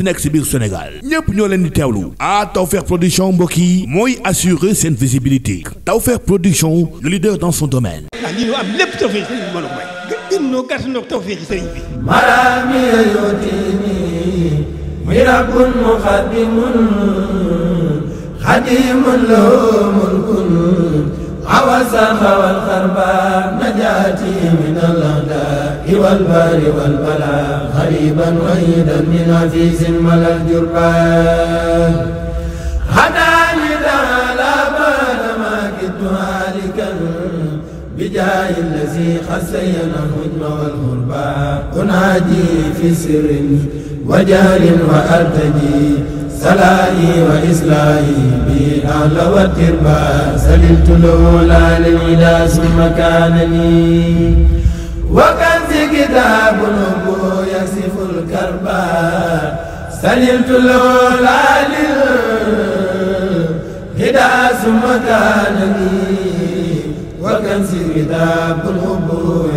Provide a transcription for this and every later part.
munti nekk si biir Sénégal ñépp ñoo leen di teewlu ah Tawfekh production mbokk yi mooy assurer seen visibilité Tawfekh production le leader dans son domaine ah lii am lépp Tawfekh sëriñ bi mën a may gën noo gàtt noo Tawfekh sëriñ bi marami yotini mirabun muqaddimun xadimun lahu mulkun awasa xawal xarba najaati min al-ada wal bari wal bala قريبا قيدا من عزيز ملا الجربان هداني ذا لا بال ما كدت هالكا بجاه الذي خسين الهجم والغربان أنادي في سر وجهر وأرتجي سلائي وإسلائي بالأعلى والتربى سلمت له العالم ثم كانني وكنز كتاب النبوة يصف الكربا سلمت له لا للهدى ثم كانني وكنزي رداء الحب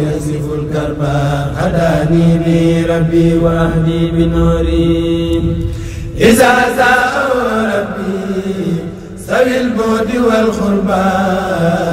يصف الكربا هداني بي ربي واهدي بنوري إذا ساء ربي سوي البعد والخربان